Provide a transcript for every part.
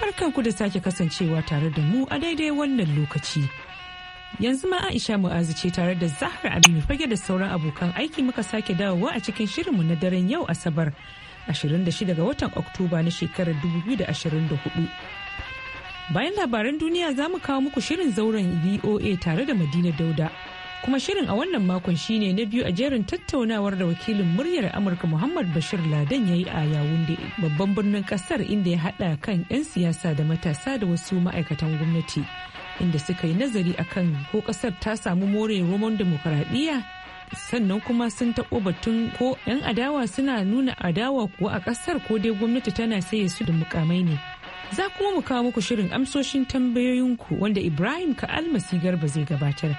barkan ku da sake kasancewa tare da mu a daidai wannan lokaci. Yanzu ma Aisha Mu'azu ce tare da Zahra Aminu fage da sauran abokan aiki muka sake dawowa a cikin shirinmu na daren yau Asabar 26 ga watan Oktoba na shekarar 2024. Bayan labaran duniya za mu kawo muku shirin zauren VOA tare da Madina Dauda. kuma shirin a wannan makon shine na biyu a jerin tattaunawar da wakilin muryar amurka muhammad bashir ladan ya yi a yawun yawunde babban birnin kasar inda ya hada kan 'yan siyasa da matasa da wasu ma'aikatan gwamnati inda suka yi nazari akan ko kasar ta samu more roman demokaradiyya sannan kuma sun taɓo batun ko 'yan adawa suna nuna adawa kuwa a kasar ko dai gwamnati tana saye su da mukamai ne za kuma mu kawo muku shirin amsoshin tambayoyinku wanda ibrahim ka almasi garba zai gabatar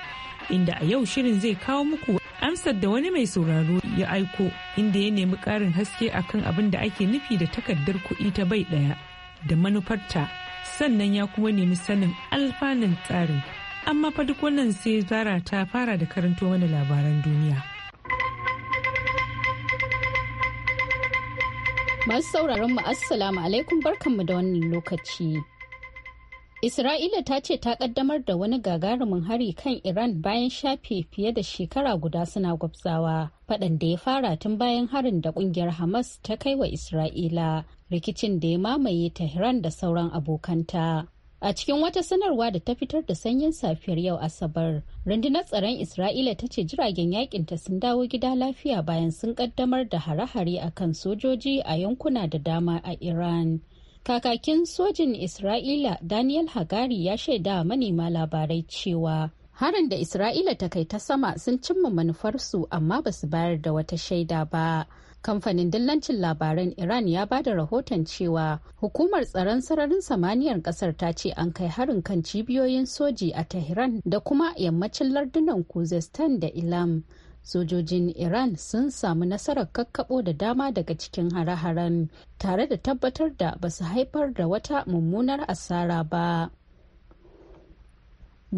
inda a yau shirin zai kawo muku amsar da wani mai sauraro ya aiko inda ya nemi ƙarin haske akan abin da ake nufi da takardar kuɗi ta bai ɗaya da manufarta sannan ya kuma nemi sanin alfanun tsarin amma fa duk wannan sai zara ta fara da karanto mana labaran duniya. Masu sauraron mu assalamu alaikum barkanmu da wannan lokaci. Isra'ila ta ce ta kaddamar da wani gagarumin hari kan Iran bayan shafe fiye da shekara guda suna gwabzawa. fadan da ya fara tun bayan harin da kungiyar Hamas ta kai wa Isra'ila, rikicin da ya mamaye Tehran da sauran abokanta. A cikin wata sanarwa da ta fitar da sanyin safiyar yau Asabar, rundunar tsaron Isra'ila ta ce jiragen yakinta sun dawo gida lafiya bayan sun kaddamar da hare-hare akan sojoji a yankuna da dama a Iran. Kakakin sojin Isra'ila Daniel Hagari ya shaida manema labarai cewa harin da Isra'ila ta kai ta sama sun cimma manufarsu amma ba su bayar da wata shaida ba. Kamfanin dillancin labaran Iran ya ba da rahoton cewa hukumar tsaron sararin samaniyar kasar ta ce an kai harin kan cibiyoyin soji a Tehran da kuma yammacin lardunan Kuzestan da Ilam. sojojin iran sun samu nasarar kakkabo da dama daga cikin hare-haren tare da tabbatar da basu haifar da wata mummunar asara ba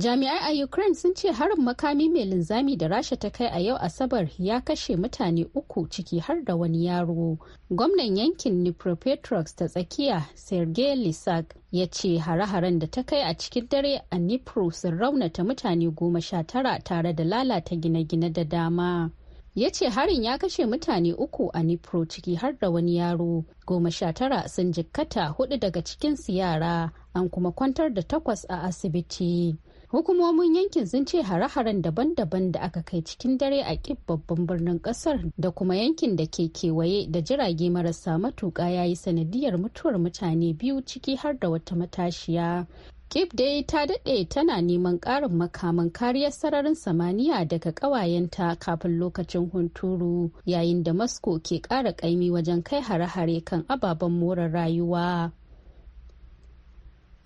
Jami'ai a Ukraine sun ce harin makami mai linzami da Rasha ta kai a yau Asabar ya kashe mutane uku ciki har da wani yaro. Gwamnan yankin nipropetrox ta tsakiya Sergei Lisak ya ce hare-haren da ta kai a cikin dare a nipro sun raunata mutane goma sha tara tare da lalata gine-gine da dama. ya ce harin ya kashe mutane uku a nipro ciki har da wani yaro goma sha tara sun jikkata hudu daga cikinsu yara an kuma kwantar da takwas a asibiti Hukumomin yankin sun ce hare-haren daban-daban da aka kai cikin dare a ƙib babban birnin kasar da kuma yankin da ke kewaye da jirage marasa matuƙa ya yi sanadiyar mutuwar mutane biyu ciki har da wata matashiya. Kip dai ta daɗe tana neman ƙarin makaman kariyar sararin samaniya daga ƙawayenta kafin lokacin hunturu yayin da Moscow ke ƙara ƙaimi wajen kai hare-hare kan ababen more rayuwa.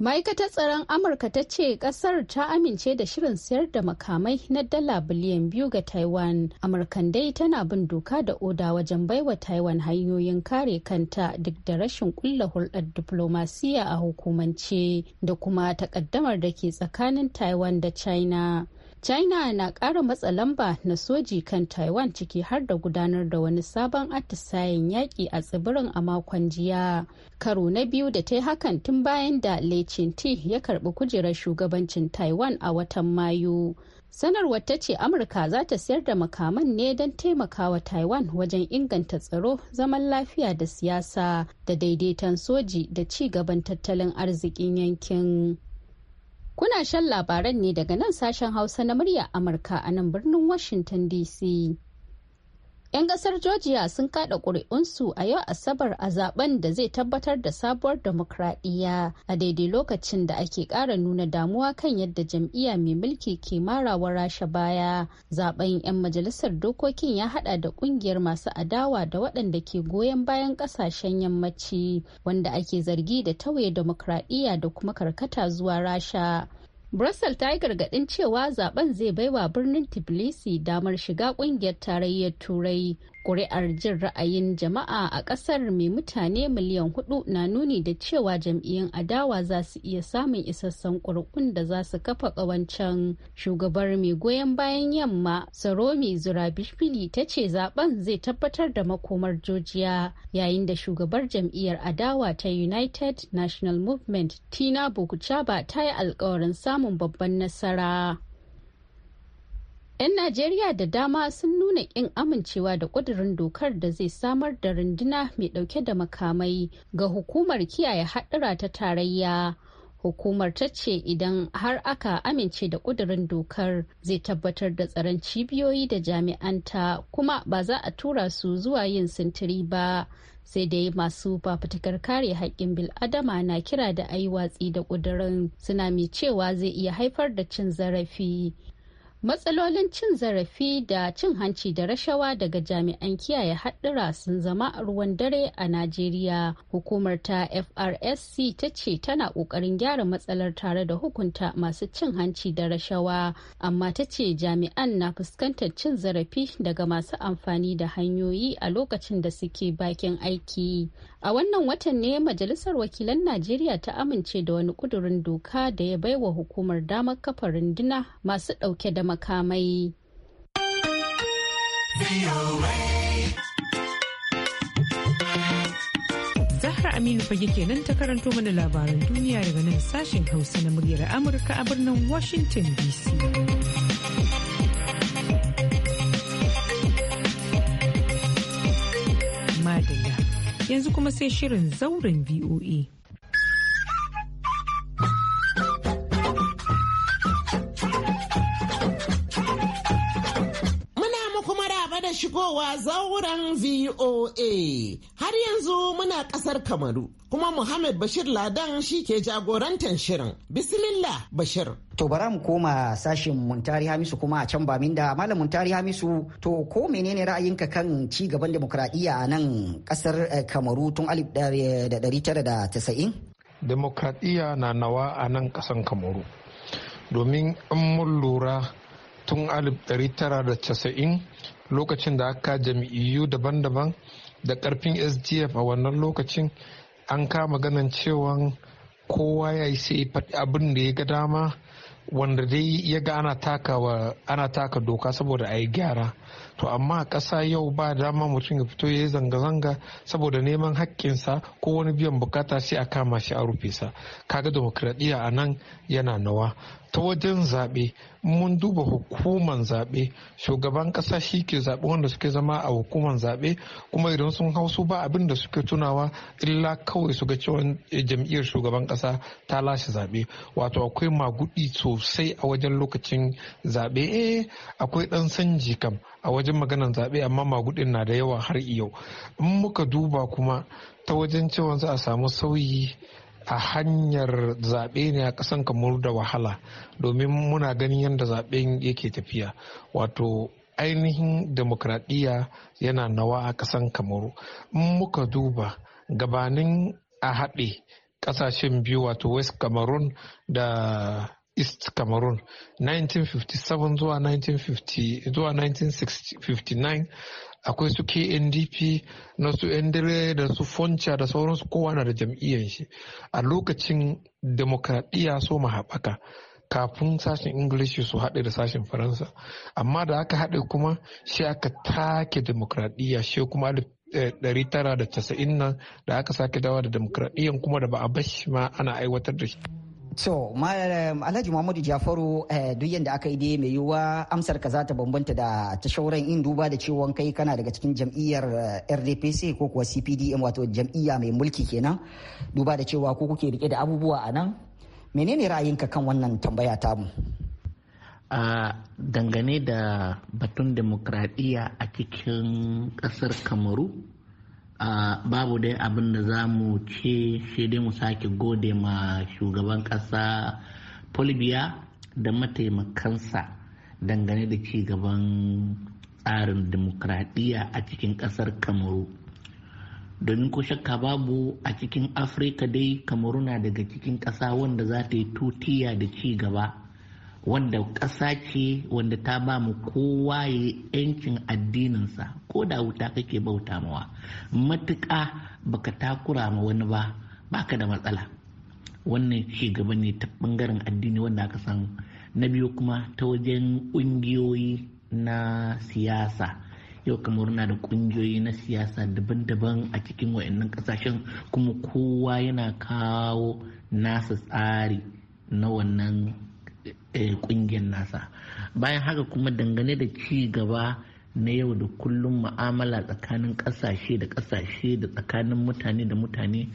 ma'aikatar tsaron amurka ta ce kasar ta amince da shirin sayar da makamai na dala biliyan biyu ga taiwan amurkan dai tana bin doka da oda wajen baiwa taiwan hanyoyin kare kanta duk da rashin kulla hulɗar diplomasiya a hukumance da kuma takaddamar da ke tsakanin taiwan da china china na ƙara matsa lamba na soji kan taiwan ciki har da gudanar da wani sabon atisayen yaƙi a tsibirin a makon jiya karo na biyu da ta yi hakan tun bayan da lecin ya karɓi kujerar shugabancin taiwan a watan mayu sanarwar ta ce amurka za ta sayar da makaman ne don taimakawa taiwan wajen inganta tsaro zaman lafiya da siyasa da daidaiton soji da ci gaban tattalin arzikin yankin Kuna shan labaran ne daga nan sashen Hausa na murya Amurka a nan birnin Washington DC. 'Yan kasar Georgia sun kada ƙuri'unsu a yau Asabar a zaben da zai tabbatar da sabuwar demokradiyya a daidai lokacin da ake ƙara nuna damuwa kan yadda jam'iyya mai mulki ke marawa rasha baya. Zaben 'yan majalisar dokokin ya hada da ƙungiyar masu adawa da waɗanda ke goyon bayan ƙasashen yammaci wanda ake zargi da tauye demokradiyya da kuma karkata zuwa rasha. Brussels ta yi gargadin cewa zaben zai baiwa birnin Tbilisi damar shiga kungiyar tarayyar Turai Kuri'ar jin ra'ayin jama'a a ƙasar mai mutane miliyan hudu na nuni da cewa jam'iyyun adawa za su iya samun isassan ƙuri'un da za su kafa ƙawancen shugabar mai goyon bayan yamma Saromi Zurabishvili ta ce zaben zai tabbatar da makomar Jojiya yayin da shugabar jam'iyyar adawa ta United National Movement Tina Bukuchaba ta yi alkawarin samun babban nasara. 'Yan Najeriya da dama sun nuna ƙin amincewa da ƙudurin dokar da zai samar da runduna mai ɗauke da makamai ga hukumar kiyaye haɗura ta tarayya. Hukumar ta ce idan har aka amince da ƙudurin dokar zai tabbatar da tsaron cibiyoyi da jami'anta kuma ba za a tura su zuwa yin sintiri ba. sai dai masu fafutukar kare haƙƙin bil'adama na kira da ayi watsi da ƙudurin suna mai cewa zai iya haifar da cin zarafi matsalolin cin zarafi da cin hanci da rashawa daga jami'an kiyaye haɗura sun zama ruwan dare a najeriya hukumar ta frsc ta ce tana ƙoƙarin gyara matsalar tare da hukunta masu cin hanci da rashawa amma ta ce jami'an na fuskantar cin zarafi daga masu amfani da hanyoyi a lokacin da suke bakin aiki A wannan watan ne Majalisar Wakilan Najeriya ta amince da wani kudurin doka da ya baiwa hukumar damar kafa runduna masu ɗauke da makamai. Zahra Aminu fage kenan ta karanto mana labaran duniya daga nan sashen Hausa na muryar Amurka a birnin Washington DC. Yanzu kuma sai shirin zauren VOA. shigowa zauren VOA. Har yanzu muna kasar Kamaru, kuma Muhammad Bashir Ladan shi ke jagorantar shirin. Bismillah Bashir. To bara mu koma sashin Muntari Hamisu kuma a can Baminda. Malam Muntari Hamisu, to ko menene ra'ayinka kan ci gaban demokradiyya a nan kasar eh, Kamaru tun 1990? Eh, demokradiyya na nawa a nan kasar Kamaru. Domin an mun lura tun 1990 lokacin da aka jam'iyyu daban-daban da karfin sdf a wannan lokacin an kama ganin cewa kowa ya yi sai abin da ya ga dama wanda dai ya ga ana taka doka saboda a yi gyara to amma ƙasa yau ba dama mutum ya fito ya yi zanga-zanga saboda neman haƙƙinsa ko wani biyan bukata sai a kama shi a rufe sa kaga demokradiyya a nan yana nawa ta wajen zaɓe mun duba hukuman zaɓe shugaban ƙasa shi ke zaɓe wanda suke zama a hukuman zaɓe kuma idan sun hau su ba abin da suke tunawa illa kawai su ga cewa eh, jam'iyyar shugaban ƙasa ta lashe zaɓe wato akwai magudi sosai a wajen lokacin zaɓe eh akwai ɗan sanji kam a wajen wajen maganan zaɓe amma magudin na da yawa har yau in muka duba kuma ta wajen cewa za a samu sauyi a hanyar zaɓe ne a ƙasan kamar da wahala domin muna ganin yadda zaɓen yake tafiya wato ainihin demokradiyya yana nawa a ƙasan kamaru in muka duba gabanin a haɗe ƙasashen biyu wato west cameroon da east cameroon 1957 zuwa 1950 zuwa 1959 akwai su kndp na su endere da su fonca da sauransu kowa na da jam'iyyar shi a lokacin demokradiyya so haɓaka kafin sashen ingilishi su haɗe da sashen faransa amma da aka haɗe kuma shi aka take demokradiyya shi kuma eh, casa'in nan da aka sake dawa da demokradiyyan kuma da ba a bashi ma ana aiwatar da shi So, Alhaji Muhammadu Jafaru eh, duk yadda aka yi dai mai yiwuwa amsar ka za ta bambanta da ta shauran in duba da cewa kai kana daga cikin jam'iyyar eh, RDPC ko kuwa CPDM wato jam'iyya mai mulki kenan duba da cewa ko kuke rike da abubuwa a nan. Menene ra'ayinka kan wannan tambaya tamu? a dangane da batun demokradiyya a cikin kasar kamaru babu dai abin da za mu ce shi dai mu sake gode ma shugaban ƙasa polibiya da mataimakansa dangane da ci gaban tsarin demokradiyya a cikin ƙasar kamaru domin ko shakka babu a cikin afirka dai kamaru na daga cikin ƙasa wanda za ta yi tutiya da ci gaba wanda ƙasa ce wanda ta ba mu kowa ya yankin addininsa ko da wuta kake bauta mawa matuƙa baka takura ma wani ba baka da matsala wannan ci gaba ne ta ɓangaren addini wanda aka san na biyu kuma ta wajen ƙungiyoyi na siyasa yau kamar na da ƙungiyoyi na siyasa daban-daban a cikin wa'annan ƙasashen kuma kowa yana kawo nasa tsari na wannan Eh, kungiyar nasa bayan haka kuma dangane da ci gaba na yau da kullum ma'amala tsakanin kasashe da kasashe da tsakanin mutane da mutane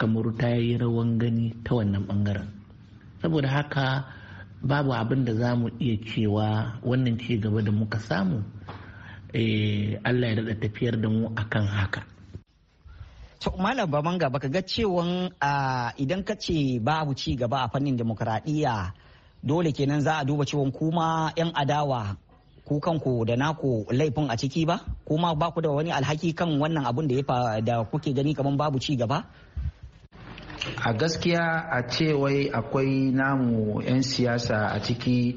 kamaru ta yi rawan gani ta wannan bangaren saboda haka babu abin da za mu iya cewa wannan ci gaba da muka samu eh, allah ya daɗa tafiyar da mu akan haka to malam baban gaba ka ga cewan ah, idan ka ce babu ci gaba a fannin demokuraɗiyya dole kenan za a duba cewa kuma 'yan adawa ku kanku da naku laifin a ciki ba kuma ba ku da wani alhaki kan wannan abun da ya da kuke gani kaman babu ci gaba a gaskiya a ce wai akwai namu 'yan siyasa a ciki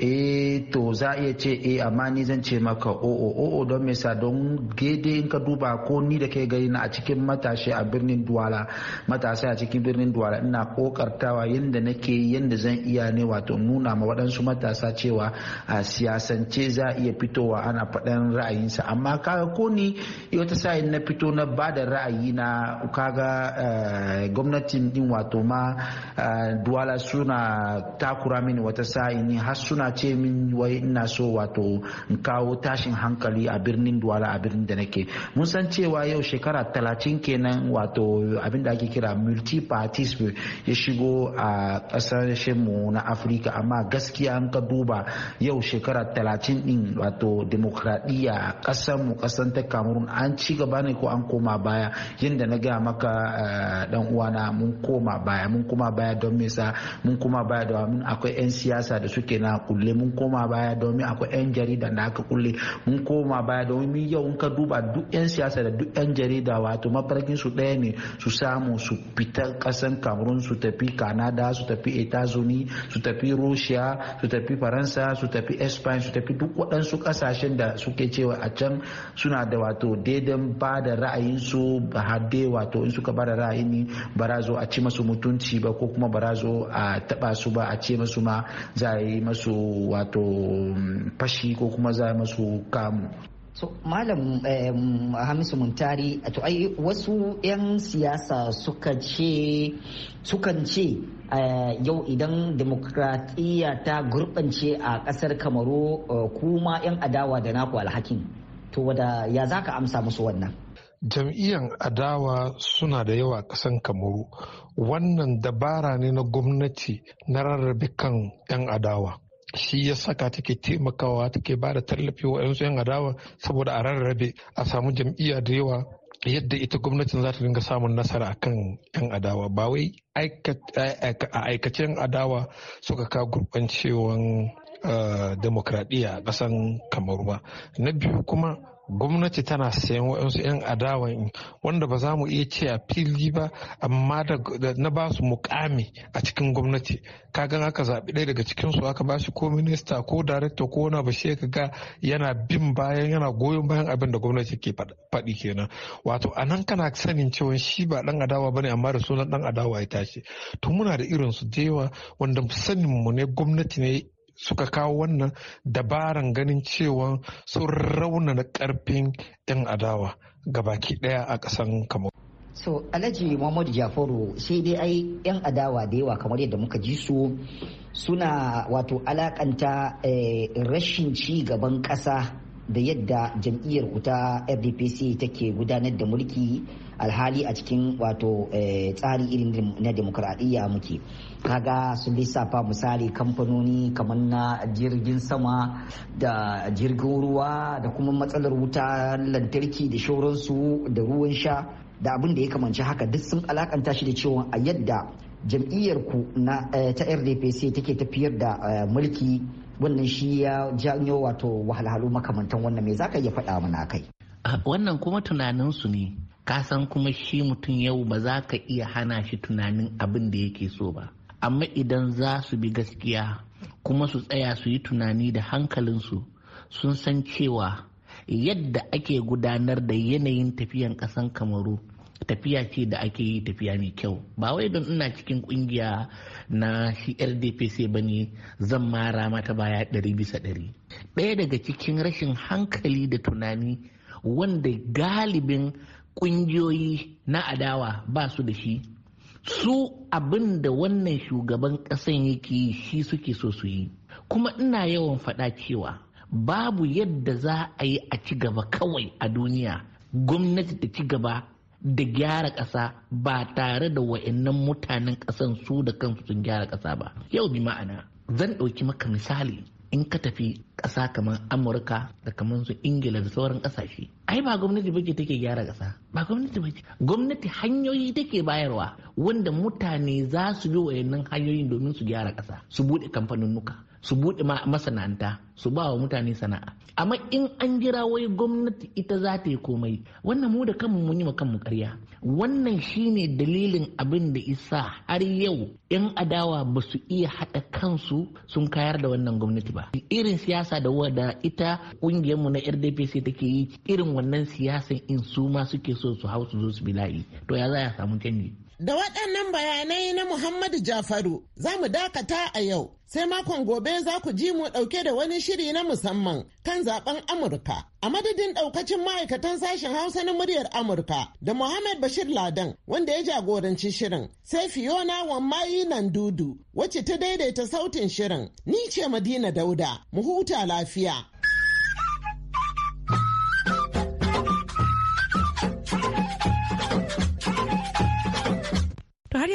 eh to za iya ce e amma ni zan ce maka o'o oh, o'o oh, oh, don me sa don gede in ka duba ko ni da kai gani na a cikin matashi a birnin Duwala matasa a cikin birnin Duwala ina kokartawa yadda nake yanda zan iya ne wato nuna ma waɗansu matasa cewa a siyasance za iya fitowa ana faɗan ra'ayinsa amma kaga ko ni wata sa'in na fito na ba da ra'ayi na kaga eh, gwamnatin din wato ma eh, Duwala suna takura mini wata sa'in har suna ce min wai ina so wato in kawo tashin hankali a birnin duwala a birnin da nake mun san cewa yau shekara talatin kenan wato abin da ake kira multi parties ya shigo a kasashen mu na afirka amma gaskiya an ka duba yau shekara talatin din wato demokradiyya a kasar mu kasar ta kamerun an ci gaba ne ko an koma baya yadda na gaya maka dan eh, uwana mun koma baya mun koma baya don me sa mun koma baya da mun akwai 'yan siyasa da suke na kulle mun koma baya domin akwai 'yan jarida da aka kulle mun koma baya domin yau in ka duba duk 'yan siyasa da duk 'yan jarida wato mafarkin su ɗaya ne su samu su fita ƙasan cameroon su tafi kanada su tafi etazuni su tafi russia su tafi faransa su tafi spain su tafi duk waɗansu ƙasashen da suke cewa a can suna da wato daidan ba da ra'ayin su ba hadde wato in suka ba da ra'ayin barazo zo a ci masu mutunci ba ko kuma barazo zo a taɓa su ba a ce masu ma za a yi masu wato mm, fashi ko kuma za masu kamu so malam hamisu muntari to ai wasu 'yan siyasa suka ce sukan ce eh, yau idan demokratiya ta gurɓance a ƙasar kamaru eh, kuma 'yan adawa da naku alhakin to wada ya za ka amsa musu wannan jam'iyyar adawa suna da yawa kasan kamaru wannan dabara ne na gwamnati na rarrabe kan 'yan adawa shi ya saka take taimakawa take ba da tallafi wa 'yan adawa saboda a rarrabe a samu jam'iyya da yawa yadda ita gwamnatin za ta dinga samun nasara a kan 'yan adawa ba wai a 'yan adawa suka ka gurbancewan ah, demokradiyya a ƙasan kamaru ba na biyu kuma gwamnati tana sayan waɗansu 'yan adawa wanda ba za mu iya ce a fili ba amma na ba su mukami a cikin gwamnati kagan aka zaɓi ɗaya daga cikinsu aka ba shi ko minista ko darekta ko wani ba shi ga yana bin bayan yana goyon bayan abin da gwamnati ke faɗi kenan wato a nan kana sanin cewa shi ba ɗan adawa ba ne amma da sunan ɗan adawa ya tashi to muna da irin su da yawa wanda sanin mu ne gwamnati ne suka kawo wannan dabaran ganin cewa sun raunana karfin 'yan adawa gabaki daya a ƙasan kamar. so alhaji muhammadu jafaru sai dai ai 'yan adawa da yawa kamar yadda muka ji su suna wato alakanta eh, rashin ci gaban ƙasa da yadda jam'iyyar ku ta fdpc take gudanar da mulki alhali a cikin wato eh, tsari irin na demokuraɗiyya muke kaga sun lissafa misali kamfanoni kamar na jirgin sama da jirgin ruwa da kuma matsalar wuta lantarki da shauransu da ruwan sha da abin da ya kamanci haka duk sun alakanta shi da cewa a yadda jam'iyyar ku na eh, ta rdpc take tafiyar da eh, mulki wannan shi ya janyo wato wahalhalu makamantan wannan me zaka iya faɗa mana kai wannan kuma tunanin su ne ka san kuma shi mutum yau ba za ka iya hana shi tunanin abin da yake so ba amma idan za su bi gaskiya kuma su tsaya su yi tunani da hankalinsu sun san cewa yadda ake gudanar da yanayin tafiyan ƙasan kamaru tafiya ce da ake yi tafiya mai kyau ba wai don ina cikin kungiya na shi sai ba ne zan mara mata baya ɗari bisa ɗari ɗaya daga cikin rashin hankali da tunani wanda galibin kungiyoyi na adawa ba su da shi su abin da wannan shugaban ƙasan yake yi shi suke so su yi kuma ina yawan faɗa cewa babu yadda za a yi a ci gaba kawai a duniya gwamnati ta ci gaba da gyara ƙasa ba tare da wa'annan mutanen ƙasan su da kansu sun gyara ƙasa ba yau bi ma'ana zan ɗauki maka misali in ka tafi ƙasa kamar amurka da kamar su ingila da sauran ƙasashe ai ba gwamnati bace take gyara ƙasa ba gwamnati bace gwamnati hanyoyi take bayarwa wanda mutane za su bi wayannan hanyoyin domin su gyara ƙasa su buɗe kamfanin nuka su buɗe masana'anta su ba wa mutane sana'a amma in an jira wai gwamnati ita za ta yi komai wannan mu da kanmu mun yi wa kanmu karya wannan shine dalilin abin da isa har yau yan adawa ba su iya haɗa kansu sun kayar da wannan gwamnati ba irin siyasa da wada ita ƙungiyarmu na rdpc take yi irin wannan siyasan in su ma suke so su hau su zo su bila'i to ya za a samu canji Da waɗannan bayanai na Muhammadu Jafaru za mu dakata a yau, sai makon gobe za ku ji mu ɗauke da wani shiri na musamman kan zaɓen Amurka. A madadin ɗaukacin ma'aikatan sashen Hausa na muryar Amurka da Muhammad Bashir Ladan wanda ya jagoranci shirin, sai Fiona Wammayi nan dudu wacce ta daidaita sautin shirin. Ni ce Madina Dauda, mu huta lafiya.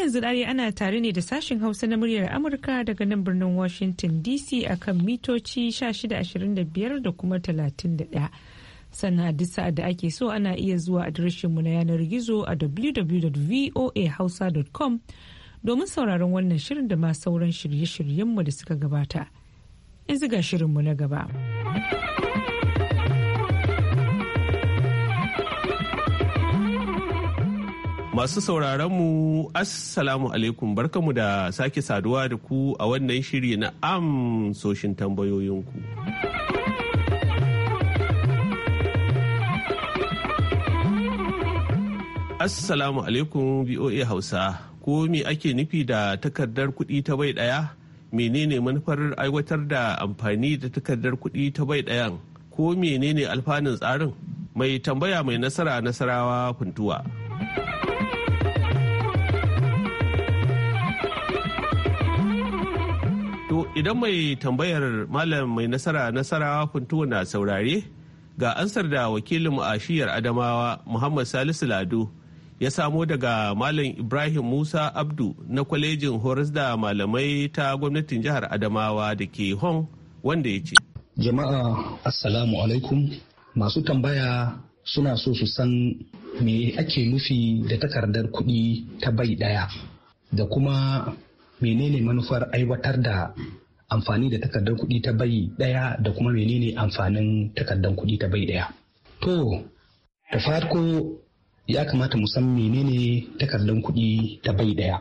yanzu dare ana tare ne da sashen Hausa na muryar Amurka daga nan birnin Washington DC akan mitoci 1625 da kuma 31. Sannan a duk sa'ad da ake so ana iya zuwa mu na yanar gizo a www.voahausa.com domin sauraron wannan shirin da ma sauran shirye-shiryenmu da suka gabata. Yanzu ga shirinmu na gaba. Masu mu Assalamu alaikum barkamu da sake saduwa da ku a wannan shiri na amsoshin tambayoyinku. Assalamu alaikum BOA Hausa, ko me ake nufi da takardar kuɗi ta bai ɗaya? Menene manufar aiwatar da amfani da takardar kuɗi ta bai ɗayan? Ko menene alfanun tsarin? Mai tambaya mai nasara nasarawa funtuwa. Idan mai tambayar Malam mai nasara nasara kuntu na saurare ga ansar da wakilin a Adamawa Muhammad Salisu Lado ya samo daga Malam Ibrahim Musa Abdu na kwalejin horas da malamai ta gwamnatin jihar Adamawa da ke Hong wanda ya ce. Jama'a Assalamu alaikum masu tambaya suna so su san me ake nufi da takardar kuɗi ta bai ɗaya da kuma menene manufar aiwatar da amfani da takardar kuɗi ta bai ɗaya da kuma menene amfanin takardar kuɗi ta bai ɗaya. To, da farko ya kamata mu san menene takardar kuɗi ta bai ɗaya.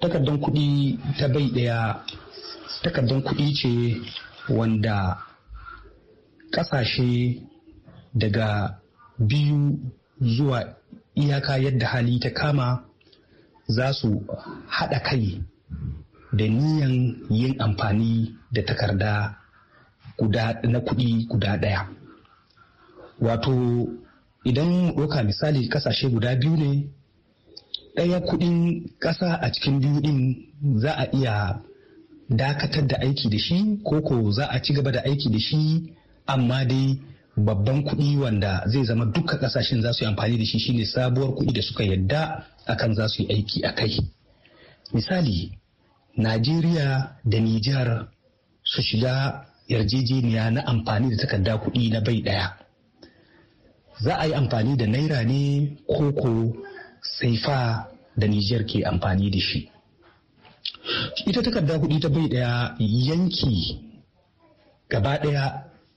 Takardar kuɗi ta bai ɗaya takardar kuɗi ce wanda ƙasashe daga biyu zuwa iyaka yadda hali ta kama za su haɗa kai da niyan yin amfani da takarda na kuɗi guda ɗaya wato idan ɗauka misali ƙasashe guda biyu ne ɗaya kuɗin ƙasa a cikin biyu ɗin za a iya dakatar da aiki da shi koko za a ci gaba da aiki da shi amma dai babban kuɗi wanda zai zama duka ƙasashen za su yi amfani da shi shine sabuwar kuɗi da suka yadda akan za su yi aiki a kai misali najeriya da nijar su shiga yarjejeniya na amfani da takarda kuɗi na bai ɗaya za a yi amfani da naira ne koko saifa da nijar ke amfani da shi ita takarda kuɗi ta bai ɗaya yanki gaba ɗaya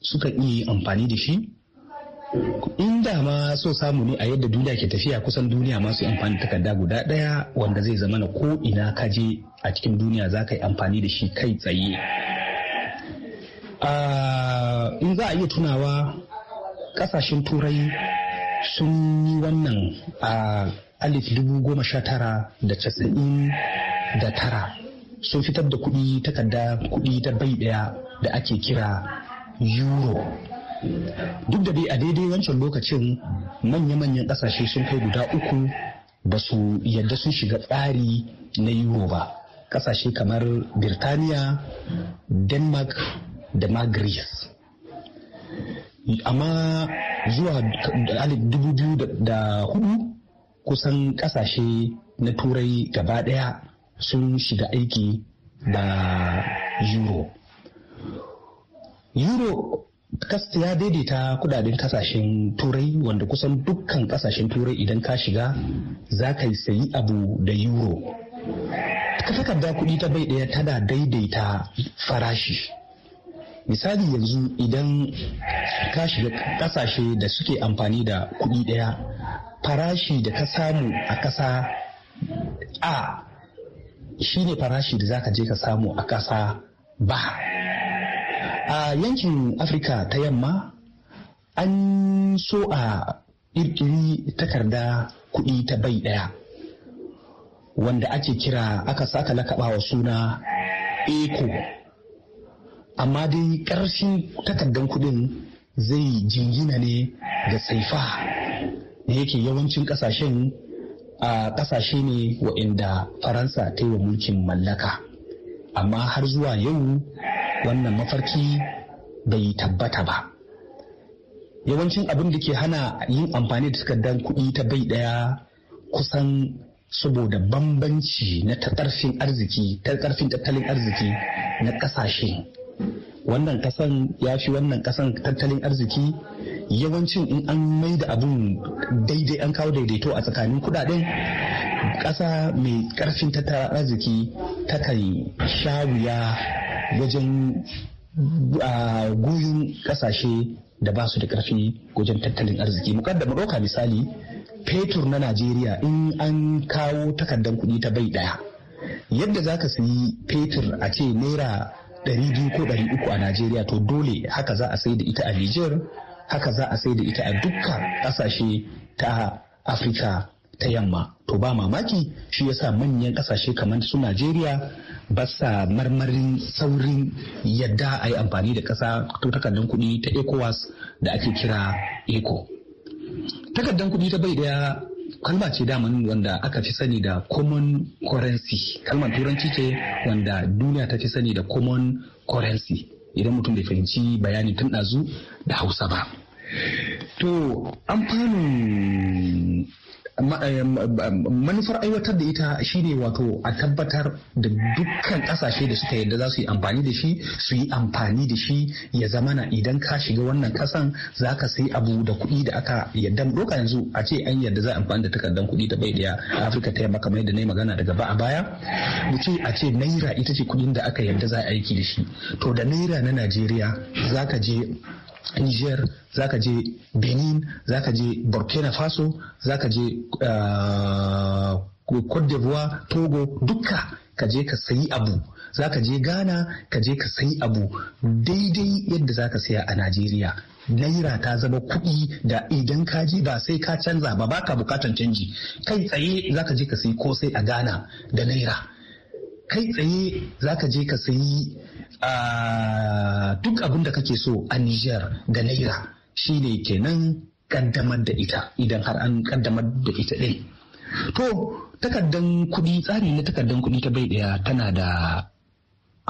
suka iya amfani da shi in da ma so samu ne a yadda duniya ke tafiya kusan duniya masu amfani takarda guda ɗaya wanda zai zama na ko ina ka je a cikin duniya za ka yi amfani da shi kai tsaye ah, in za a iya tunawa kasashen turai sun yi wannan a alif dubu goma sha tara da casa'in da tara sun fitar da kuɗi takarda kuɗi ta bai ɗaya da ake kira euro duk da dai a daidai wancan lokacin manya-manyan kasashe sun kai guda uku ba su yadda sun shiga tsari na euro ba kasashe kamar birtaniya denmark da ma greece amma zuwa 2004 kusan kasashe na turai gaba daya sun shiga aiki da euro euro ya daidaita kudaden kasashen turai wanda kusan dukkan kasashen turai idan ka shiga za ka sayi abu da euro ta takarda kuɗi ta bai ɗaya tana daidaita farashi misali yanzu idan ka shiga kasashe da suke amfani da kuɗi ɗaya farashi da ka samu a ƙasa a shine farashi da za ka je ka samu a ƙasa ba a yankin afirka ta yamma an so a ƙirƙiri takarda kuɗi ta bai ɗaya wanda ake kira aka saka lakaba wa suna Eko. amma dai ƙarshen takardan kuɗin zai jingina ne ga saifa da yake yawancin ƙasashen a ƙasashe ne waɗanda faransa ta yi wa mulkin mallaka amma har zuwa yau wannan mafarki bai tabbata ba yawancin abin da ke hana yin amfani da takardar kuɗi ta bai ɗaya kusan saboda bambanci na ƙarfin arziki ta ƙarfin tattalin arziki na ƙasashe wannan ƙasan ya fi wannan ƙasan tattalin arziki yawancin in an mai da abun daidai an kawo daidaito a tsakanin kudaden ƙasa mai ƙarfin tattalin arziki takan sha wuya wajen goyon kasashe da ba su da karfi wajen tattalin arziki mu misali fetur na najeriya in an kawo takardar kuɗi ta bai ɗaya yadda za ka sayi fetur a ce naira biyu ko uku a najeriya to dole haka za a sai da ita a niger haka za a sai da ita a dukkan ƙasashe ta afirka ta yamma to ba mamaki shi yasa manyan ƙasashe kamar su najeriya Basa marmarin saurin yadda a yi amfani da ƙasa to takardun kuɗi ta ecowas da ake kira eco takardun kuɗi ta bai daya kalma ce daman wanda aka fi sani da common currency kalmar turanci ce wanda duniya ta fi sani da common currency idan mutum bai fahimci bayani tun ɗazu da hausa ba to amfanin Eh, manufar aiwatar da ita shine wato a tabbatar da dukkan kasashe da suka yadda za su yi amfani da shi su yi amfani da shi ya na idan ka shiga wannan kasan za ka sai abu da kuɗi da aka yadda doka yanzu a ce an yadda za a amfani da takardar kuɗi ta bai daya a afirka ta yamma kamar yadda na yi magana daga ba a baya mu ce a ce naira ita ce kuɗin da aka yadda za a aiki da shi to da naira na najeriya za ka je Niger ka je Benin za ka je Burkina Faso za ka je ah, Cote d'Ivoire Togo duka ka je ka sayi abu Za ka je Ghana ka je ka sayi abu daidai yadda za ka saya a Najeriya naira ta zama kuɗi da idan ka je ba sai ka canza ba baka bukatan canji kai tsaye za ka je ka sayi ko sai a Ghana da naira kai tsaye za ka je ka sayi duk abin da kake so a Niger da Naira shine kenan kaddamar da ita idan har an kaddamar da ita ɗin. To takardan kuɗi tsari na takardan kuɗi ta bai ɗaya tana da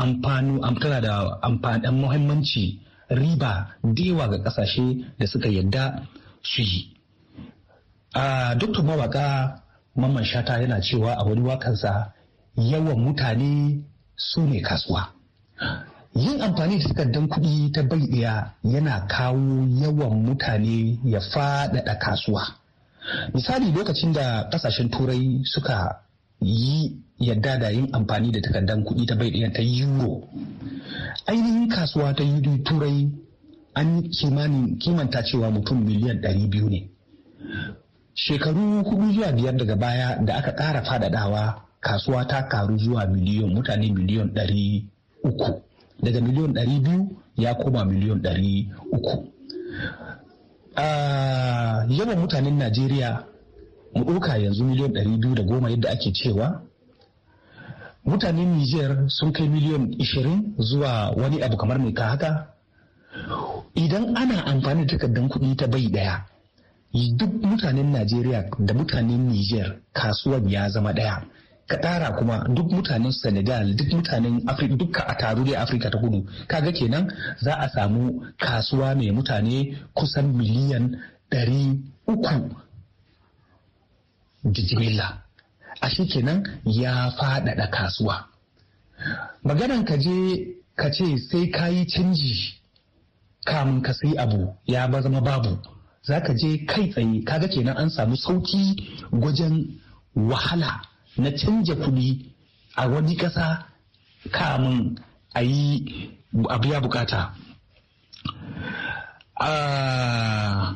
amfanu tana da amfanin muhimmanci riba dewa ga ƙasashe da suka yadda su yi. Dr. Mawaka Mamman Shata yana cewa a wani wakansa yawan mutane su ne kasuwa. yin amfani da takardun kuɗi ta bai ɗaya yana kawo yawan mutane ya faɗaɗa kasuwa misali lokacin da ƙasashen turai suka yi yadda da yin amfani da takardun kuɗi ta bai ɗaya ta euro ainihin kasuwa ta turai an kimanin kimanta cewa mutum miliyan ɗari biyu ne shekaru hudu zuwa biyar daga baya da aka ƙara faɗaɗawa kasuwa ta karu zuwa miliyon mutane miliyon ɗari uku daga miliyon ɗari biyu ya koma miliyon ɗari uku ah, yawan mutanen najeriya mu ɗauka yanzu miliyon ɗari biyu da goma yadda ake cewa mutanen niger sun kai miliyon ishirin zuwa wani abu kamar mai ka haka idan ana amfani da takardar kuɗi ta bai ɗaya duk mutanen najeriya da mutanen niger kasuwan ya zama ɗaya ka tara kuma duk mutanen senegal duk mutanen afirka dukka a taru dai afirka ta kudu kaga kenan za a samu kasuwa mai mutane kusan miliyan ɗari uku jijimilla ashe kenan ya faɗaɗa kasuwa maganan ka je ka ce sai ka yi canji kamun ka sai abu ya ba zama babu za ka je kai tsaye kaga kenan an samu sauki wajen wahala na canja kuɗi a wani ƙasa kamun a yi a ya bukata. Ah,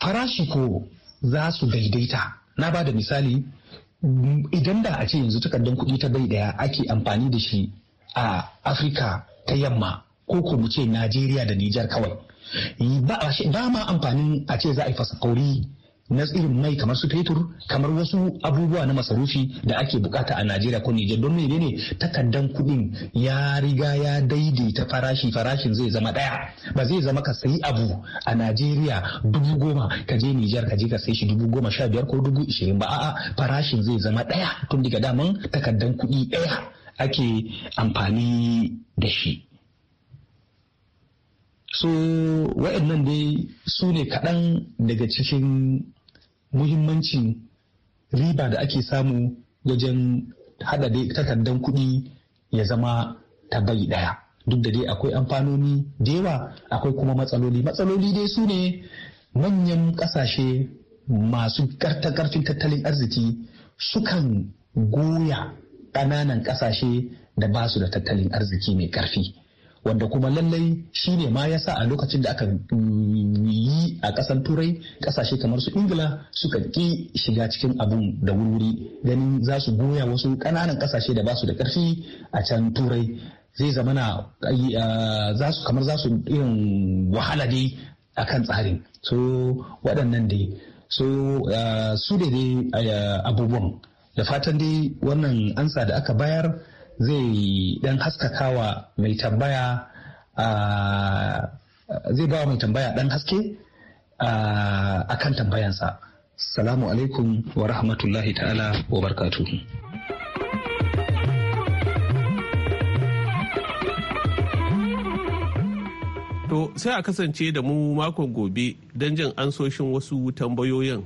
farashi ko za su daidaita. Na ba da misali, idan da a ce yanzu takardar kuɗi ta bai daya ake amfani da shi a Afirka ta yamma ko ko mu ce Najeriya da Nijar kawai. Ba ma amfanin a ce za a yi fasakauri na tsirin mai kamar su fetur kamar wasu abubuwa na masarufi da ake bukata a Najeriya ko Nijar don mene ne takardan kuɗin ya riga ya daidaita farashi farashin zai zama ɗaya ba zai zama ka sayi abu a Najeriya dubu goma ka je Nijar ka je ka sai shi dubu goma sha biyar ko dubu ishirin ba a'a farashin zai zama ɗaya tun daga daman takardan kuɗi ɗaya ake amfani da shi. So wa'annan dai su ne kaɗan daga cikin muhimmancin riba da ake samu wajen haɗa takardar kuɗi ya zama ta bai ɗaya duk da dai akwai amfanoni da yawa akwai kuma matsaloli matsaloli dai su ne manyan ƙasashe masu ƙarfin tattalin arziki sukan goya ƙananan ƙasashe da ba su da tattalin arziki mai ƙarfi wanda kuma lallai shi ne ma yasa a lokacin da aka mm, yi a ƙasar turai ƙasashe kamar su ingila suka ƙi shiga cikin abin da wuri ganin za su goya wasu ƙananan ƙasashe da ba su da ƙarfi a can turai zai zamana za kamar za su irin wahala dai a kan tsarin so waɗannan dai so su da dai abubuwan da fatan dai wannan ansa da aka bayar zai dan haskakawa mai tambaya zai ba mai tambaya dan haske a kan tambayansa. Salamu alaikum wa rahmatullahi ta'ala wa barkatu. To sai a kasance da mu makon gobe don jin ansoshin wasu tambayoyin.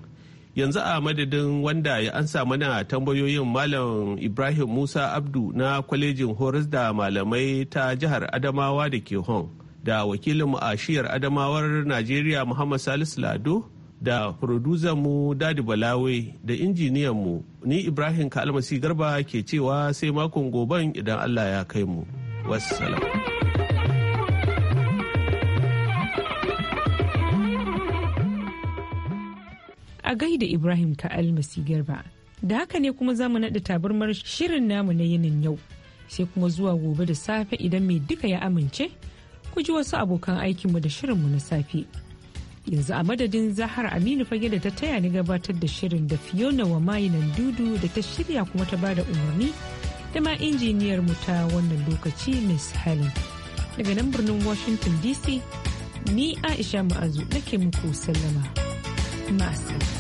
yanzu a madadin wanda ya ansa mana tambayoyin malam ibrahim musa abdu na kwalejin horas da malamai ta jihar adamawa da ke hon da wakilinmu a shiyar adamawar najeriya muhammad salisu lado da mu dadi balawe da injiniyanmu ni ibrahim kalmasi garba ke cewa sai makon goban idan allah ya kai mu wassalam a gaida Ibrahim ka almasi garba. Da haka ne kuma za mu naɗa tabarmar shirin namu na yinin yau. Sai kuma zuwa gobe da safe idan mai duka ya amince, ku ji wasu abokan aikinmu da shirinmu na safe. Yanzu a madadin Zahar Aminu fage da ta taya ni gabatar da shirin da Fiona wa mayinan dudu da ta shirya kuma ta bada umarni da ma injiniyar mu ta wannan lokaci Miss Helen. Daga nan birnin Washington DC, ni Aisha Ma'azu nake muku sallama. Masu.